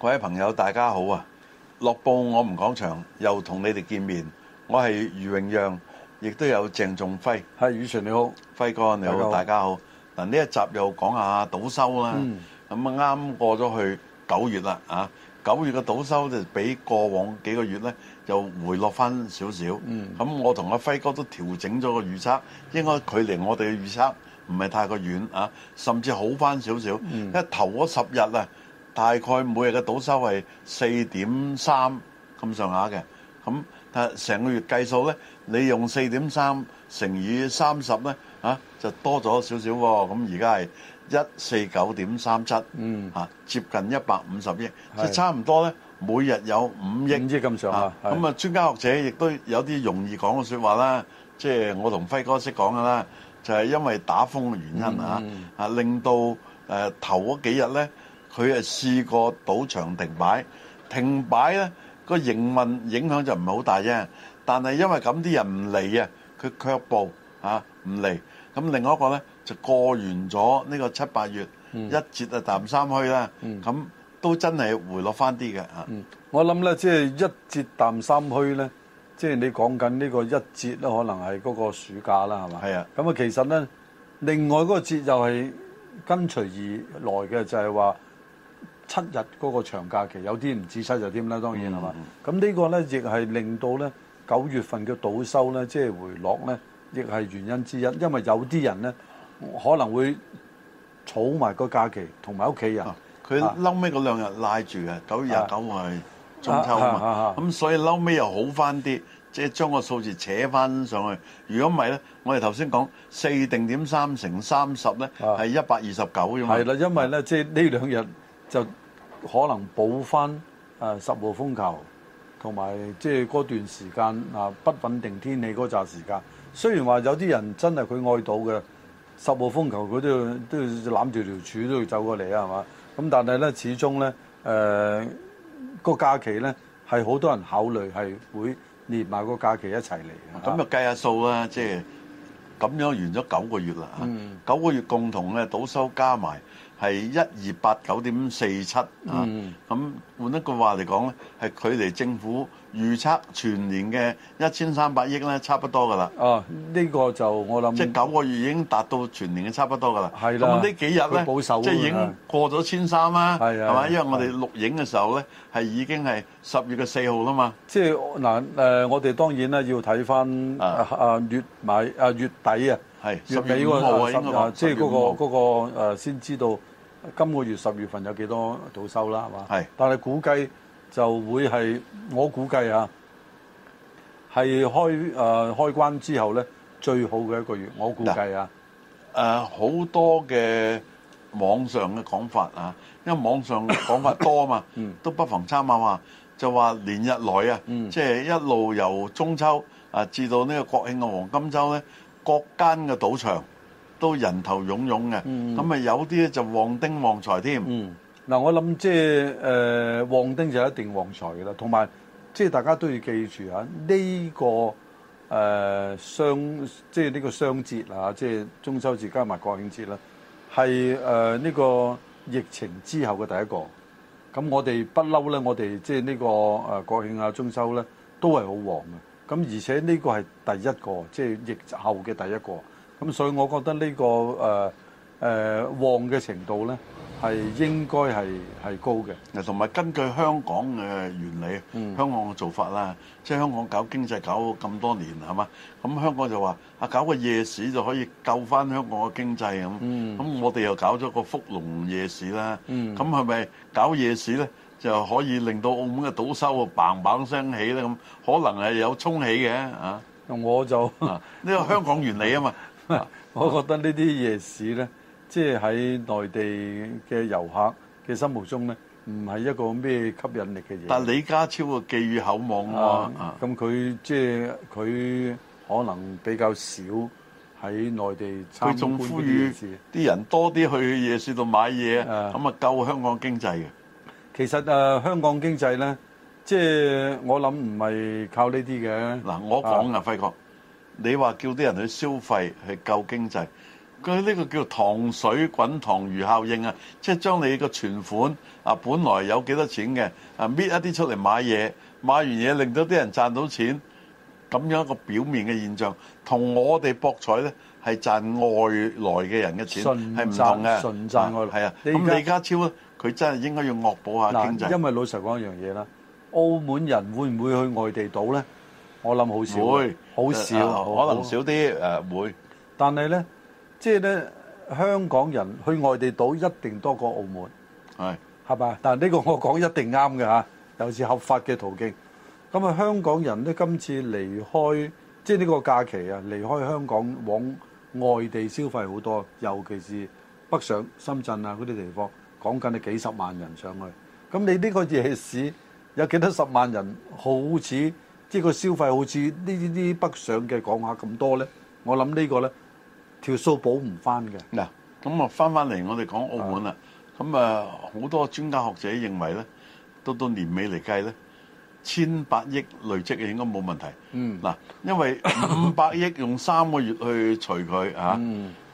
各位朋友，大家好啊！《樂報》我唔講場，又同你哋見面，我係余榮讓，亦都有鄭仲輝。阿宇馴你好，輝哥你好，你好，大家好。嗱，呢一集又講下賭收啦。咁、嗯、啊，啱過咗去九月啦，啊，九月嘅賭收就比過往幾個月咧，又回落翻少少。咁、嗯、我同阿輝哥都調整咗個預測，應該距離我哋嘅預測唔係太過遠啊，甚至好翻少少。因為頭嗰十日啊～大概每日嘅賭收係四點三咁上下嘅，咁但係成個月計數咧，你用四點三乘以三十咧，嚇就多咗少少喎。咁而家係一四九點三七，嚇接近一百五十億，即係差唔多咧。每日有五億，五億咁上下。咁啊，專家學者亦都有啲容易講嘅説話啦。即係我同輝哥識講㗎啦，就係因為打風嘅原因嚇嚇，令到誒頭嗰幾日咧。佢誒試過賭場停擺，停擺咧，個營運影響就唔係好大啫。但係因為咁啲人唔嚟啊，佢卻步嚇唔嚟。咁另外一個咧就過完咗呢個七八月一節啊淡三虛啦，咁都真係回落翻啲嘅嚇。我諗咧，即係一節淡三虛咧，即係你講緊呢個一節啦，可能係嗰個暑假啦，係嘛？係啊。咁啊，其實咧，另外嗰個節就係跟隨而來嘅，就係話。七日嗰個長假期有啲唔止七日添啦，當然係嘛？咁呢個咧亦係令到咧九月份嘅賭收咧即係回落咧，亦係原因之一。因為有啲人咧可能會儲埋個假期同埋屋企人，佢嬲尾嗰兩日拉住啊，九月廿九係中秋啊嘛，咁所以嬲尾又好翻啲，即係將個數字扯翻上去。如果唔係咧，我哋頭先講四定點三乘三十咧係一百二十九啫嘛。係啦，因為咧即係呢兩日就。可能補翻十號風球，同埋即係嗰段時間啊不穩定天氣嗰陣時間。雖然話有啲人真係佢愛賭嘅，十號風球佢都要都攬住條柱都要走過嚟啊，係嘛？咁但係咧，始終咧誒、呃嗰個假期咧係好多人考慮係會連埋個假期一齊嚟。咁就計下數啦，即係咁樣完咗九個月啦、嗯，九個月共同呢，賭收加埋。係一二八九點四七啊、嗯！咁換一句話嚟講咧，係距離政府預測全年嘅一千三百億咧，差不多㗎啦、啊。哦，呢個就我諗即係九個月已經達到全年嘅差不多㗎啦。係啦。呢幾日咧，保守啲啦。即係已經過咗千三啦。係啊。係嘛？因為我哋錄影嘅時候咧，係已經係十月嘅四號啦嘛。即係嗱誒，我哋當然咧要睇翻啊啊月買啊月底啊。係月尾個啊，即係嗰個嗰個誒，先知道今個月十月份有幾多賭收啦，係嘛？係，但係估計就會係我估計啊，係開誒開關之後咧，最好嘅一個月。我估計啊，誒好多嘅網上嘅講法啊，因為網上講法多啊嘛，都不妨參考嘛。就話連日來啊，即係一路由中秋啊至到呢個國慶嘅黃金週咧。各間嘅賭場都人頭涌涌嘅，咁、嗯、啊，有啲咧就旺丁旺財添。嗱、嗯，我諗即係誒旺丁就一定旺財嘅啦，同埋即係大家都要記住啊！呢個誒雙即係呢個雙節啊，即係中秋節加埋國慶節啦，係誒呢個疫情之後嘅第一個，咁我哋不嬲咧，我哋即係呢個誒國慶啊、中秋咧都係好旺嘅。咁而且呢個係第一個，即係疫後嘅第一個，咁所以我覺得呢個誒誒旺嘅程度咧，係應該係係高嘅。嗱，同埋根據香港嘅原理，香港嘅做法啦，即係香港搞經濟搞咁多年，係嘛？咁香港就話啊，搞個夜市就可以救翻香港嘅經濟咁。咁我哋又搞咗個福隆夜市啦。咁係咪搞夜市咧？就可以令到澳門嘅賭收啊，棒棒聲起咧咁，可能係有沖起嘅嚇。我就呢個香港原理啊嘛，我覺得呢啲夜市咧，即係喺內地嘅遊客嘅心目中咧，唔係一個咩吸引力嘅嘢。但李家超啊，寄予厚望喎。咁佢即係佢可能比較少喺內地參觀呢件事。佢仲呼籲啲人多啲去夜市度買嘢，咁啊救香港經濟嘅。其實誒香港經濟咧，即係我諗唔係靠呢啲嘅。嗱，我講啊，輝哥，你話叫啲人去消費去救經濟，佢呢個叫糖水滾糖魚效應啊，即係將你個存款啊，本來有幾多錢嘅啊，搣一啲出嚟買嘢，買完嘢令到啲人賺到錢，咁樣一個表面嘅現象，同我哋博彩咧係賺外來嘅人嘅錢係唔同嘅，純賺外來嘅，係啊。咁李家超咧。佢真係應該要惡補下經濟。嗱，因為老實講一樣嘢啦，澳門人會唔會去外地賭咧？我諗好少，會好少，可能少啲誒會。但係咧，即係咧，香港人去外地賭一定多過澳門係係嘛？但係呢個我講一定啱嘅嚇，又是合法嘅途徑。咁啊，香港人咧今次離開即係呢個假期啊，離開香港往外地消費好多，尤其是北上深圳啊嗰啲地方。講緊你幾十萬人上去，咁你呢個夜市有幾多十萬人，好似即係個消費好似呢啲啲北上嘅講下咁多咧？我諗呢個咧條數補唔翻嘅。嗱，咁啊翻翻嚟我哋講澳門啦。咁啊好多專家學者認為咧，都到年尾嚟計咧，千百億累積應該冇問題。嗱，因為五百億用三個月去除佢啊，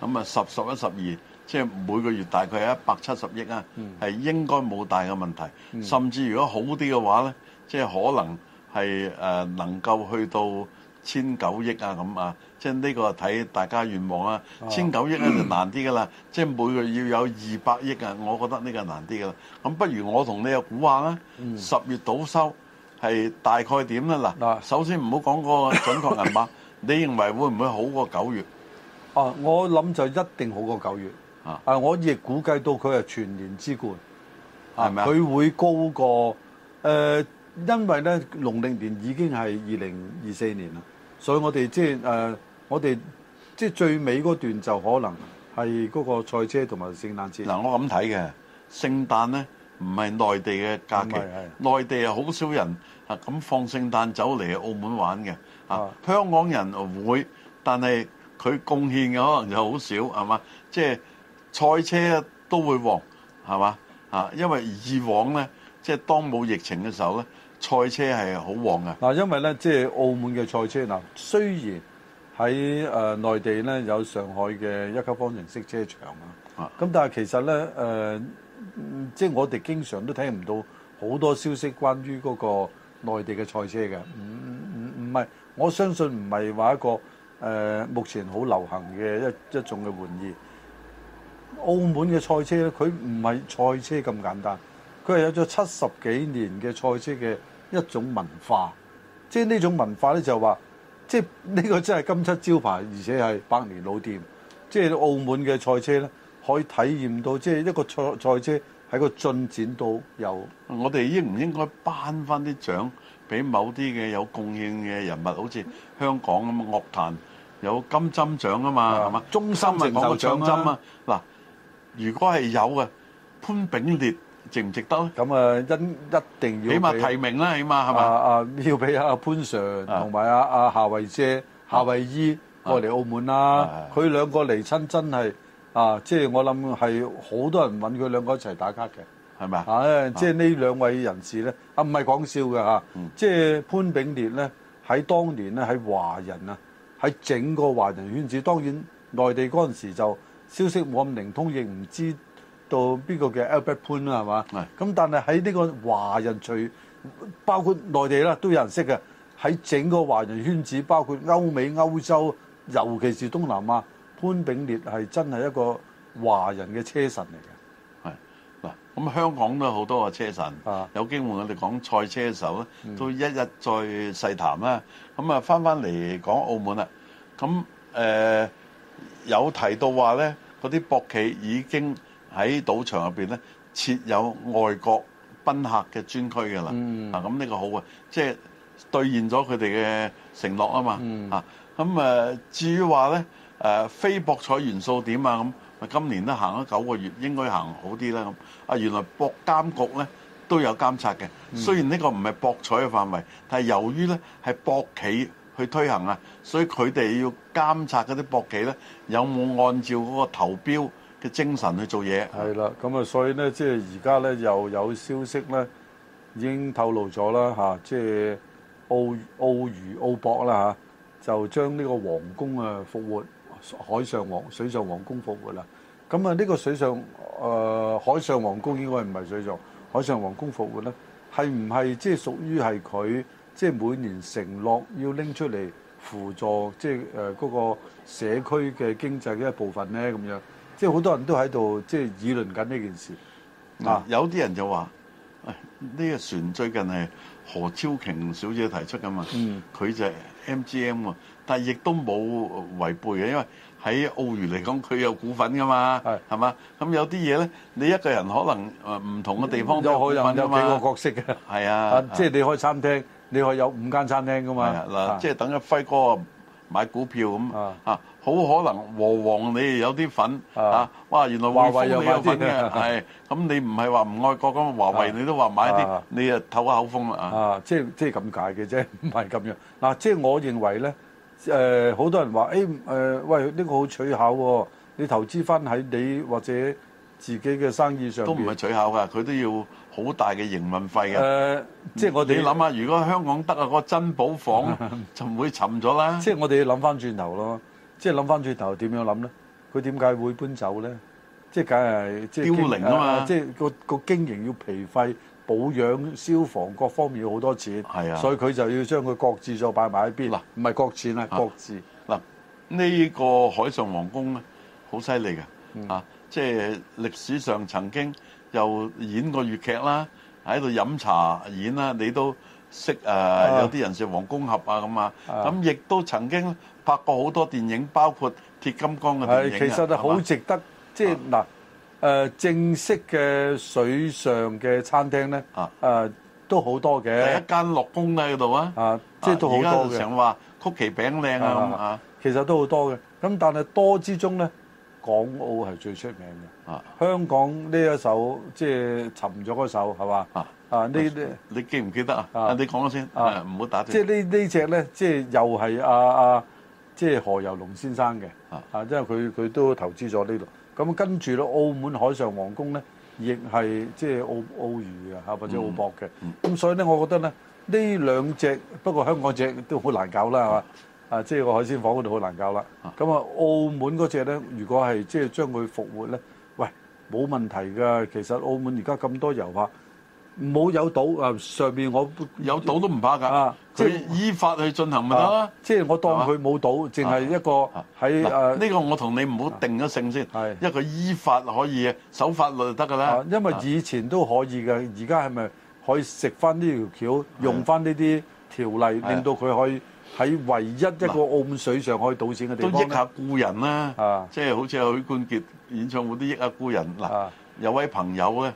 咁啊十十一十二。即係每個月大概係一百七十億啊，係、嗯、應該冇大嘅問題、嗯。甚至如果好啲嘅話咧，即係可能係誒、呃、能夠去到千九億啊咁啊。即係呢個睇大家願望啦、啊。千、啊、九億咧就難啲噶啦。即係每個月要有二百億啊，我覺得呢個難啲噶啦。咁不如我同你個估下啦，十、嗯、月賭收係大概點咧？嗱、啊，首先唔好講個準確銀碼， 你認為會唔會好過九月？啊，我諗就一定好過九月。啊！我亦估計到佢係全年之冠，係咪啊？佢會高過誒、呃，因為咧農曆年已經係二零二四年啦，所以我哋即係誒、呃，我哋即係最尾嗰段就可能係嗰個賽車同埋聖誕節。嗱、啊，我咁睇嘅聖誕咧，唔係內地嘅假期，內地係好少人啊咁放聖誕走嚟澳門玩嘅啊，啊，香港人會，但係佢貢獻嘅可能就好少，係嘛？即係。賽車咧都會旺，係嘛啊？因為以往咧，即係當冇疫情嘅時候咧，賽車係好旺嘅。嗱，因為咧，即係澳門嘅賽車嗱，雖然喺誒內地咧有上海嘅一級方程式車場啊，咁但係其實咧誒，即係我哋經常都睇唔到好多消息關於嗰個內地嘅賽車嘅，唔唔唔，唔係我相信唔係話一個誒目前好流行嘅一一種嘅玩意。澳門嘅賽車咧，佢唔係賽車咁簡單，佢係有咗七十幾年嘅賽車嘅一種文化，即係呢種文化咧就話，即係呢個真係金漆招牌，而且係百年老店。即係澳門嘅賽車咧，可以體驗到即係一個賽賽車喺個進展度有。我哋應唔應該頒翻啲獎俾某啲嘅有貢獻嘅人物？好似香港咁嘅樂壇有金針獎啊嘛，係嘛？中心啊，講個獎針啊，嗱、啊。如果係有嘅潘炳烈值唔值得咧？咁啊，一一定要，起碼提名啦，起碼係嘛？啊啊，要俾阿潘 Sir 同埋阿阿夏慧姐、夏慧姨、啊、過嚟澳門啦、啊。佢兩個嚟親真係啊！即係我諗係好多人揾佢兩個一齊打卡嘅，係咪啊？即係呢兩位人士咧，啊唔係講笑嘅嚇、嗯。即係潘炳烈咧，喺當年咧喺華人啊，喺整個華人圈子，當然內地嗰陣時就。消息冇咁靈通，亦唔知道邊個嘅 Albert Pan 啦，係嘛？咁但係喺呢個華人，除包括內地啦，都有人識嘅。喺整個華人圈子，包括歐美、歐洲，尤其是東南亞，潘炳烈係真係一個華人嘅車神嚟嘅。係嗱，咁香港都好多個車神，啊，有機會我哋講賽車手咧，嗯，都一日再細談啦。咁啊，翻翻嚟講澳門啦，咁誒。呃有提到話咧，嗰啲博企已經喺賭場入邊咧設有外國賓客嘅專區㗎喇。啊，咁呢個好啊，即係兌現咗佢哋嘅承諾啊嘛。啊，咁誒至於話咧誒非博彩元素點啊咁，今年都行咗九個月，應該行好啲啦咁。啊，原來博監局咧都有監察嘅，雖然呢個唔係博彩嘅範圍，但係由於咧係博企。去推行啊，所以佢哋要監察嗰啲博企咧，有冇按照嗰個投標嘅精神去做嘢？係啦，咁啊，所以咧，即係而家咧又有消息咧，已經透露咗啦嚇，即係澳澳娛澳博啦嚇，就將呢個皇宮啊復活，海上王水上皇宮復活啦。咁啊，呢個水上誒海上皇宮應該唔係水上，海上皇宮復活咧，係唔係即係屬於係佢？即係每年承諾要拎出嚟輔助，即係誒嗰個社區嘅經濟嘅一部分咧，咁樣。即係好多人都喺度即係議論緊呢件事。嗱，有啲人就話，誒呢個船最近係何超瓊小姐提出㗎嘛。嗯。佢就係 MGM 但係亦都冇違背嘅，因為喺澳娛嚟講，佢有股份㗎嘛。係。係嘛？咁有啲嘢咧，你一個人可能誒唔同嘅地方都可以有幾個角色嘅。係啊。啊，即係你開餐廳。你可以有五間餐廳噶嘛，嗱，即係等阿輝哥買股票咁啊，好可能和黃你有啲份啊，哇！原來華為又有份嘅，係咁你唔係話唔愛國咁，華為你都話買啲，你啊透下口風啦啊，即係即係咁解嘅啫，唔係咁樣嗱。即係我認為咧，誒好多人話誒誒，喂呢個好取巧喎，你投資翻喺你或者。自己嘅生意上都唔係取巧噶，佢都要好大嘅營運費嘅。誒、呃，即、就、係、是、我哋你諗下，如果香港得啊嗰、那個珍寶舫就不 就，就唔會沉咗啦。即係我哋要諗翻轉頭咯，即係諗翻轉頭點樣諗咧？佢點解會搬走咧？即係梗係凋零啊嘛！即係個個經營要疲廢、保養、消防各方面要好多錢，係啊，所以佢就要將佢各自再擺埋喺邊。嗱、啊，唔係各字咧，各自嗱呢個海上皇宮咧，好犀利嘅啊！嗯即係歷史上曾經又演過粵劇啦，喺度飲茶演啦，你都識誒有啲人食黃公俠啊咁啊，咁亦都曾經拍過好多電影，包括鐵金剛嘅電影啊。係，其實係好值得。即係嗱誒，正式嘅水上嘅餐廳咧，誒都好多嘅。第一間樂宮喺嗰度啊，即係都好多嘅。而家就想話曲奇餅靚啊咁啊，其實都好多嘅。咁但係多之中咧。港澳係最出名嘅、啊，香港呢一首即係、就是、沉咗嗰首係嘛？啊呢啲、啊、你記唔記得啊，說說啊？啊你講咗先，啊唔好打斷即係呢呢隻咧，即係又係阿啊即係何猷龍先生嘅、啊，啊，因為佢佢都投資咗呢度。咁跟住咧，澳門海上皇宮咧，亦係即係澳澳娛啊，或者澳博嘅。咁、嗯、所以咧，我覺得咧，呢兩隻不過香港隻都好難搞啦，係嘛、嗯？啊！即係個海鮮房嗰度好難搞啦。咁啊，澳門嗰隻咧，如果係即係將佢復活咧，喂，冇問題㗎。其實澳門而家咁多遊客，冇有賭啊？上面我有賭都唔怕㗎。啊，即係依法去進行咪得、啊？即係我當佢冇賭，淨係一個喺誒。呢、啊啊呢個我同你唔好定咗性先、啊，一個依法可以守法律就得㗎啦。因為以前都可以嘅，而家係咪可以食翻呢條橋，用翻呢啲條例，令到佢可以？喺唯一一個澳門水上可以賭錢嘅地方都益下故人啦、啊啊，即係好似許冠傑演唱會都益下故人。嗱、啊，有位朋友咧，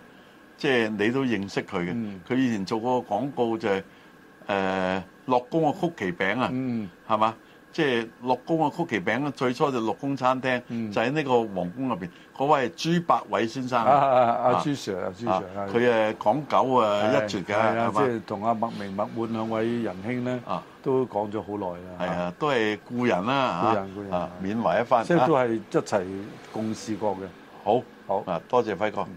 即、就、係、是、你都認識佢嘅，佢、嗯、以前做過個廣告就係誒樂宮嘅曲奇餅啊，係、嗯、嘛？即係樂宮嘅曲奇餅最初就樂宮餐廳、嗯、就喺、是、呢個皇宮入邊。嗰位係朱百偉先生阿、啊啊啊啊啊啊、朱 Sir，阿朱 Sir，佢誒講狗誒、啊、一絕嘅，即係同阿麥明麥滿兩位仁兄咧。啊都講咗好耐啦，係啊，都係故人啦，故人、故人啊，緬懷、啊啊、一番，即係都係一齊共事過嘅，好，好，啊，多謝輝哥。嗯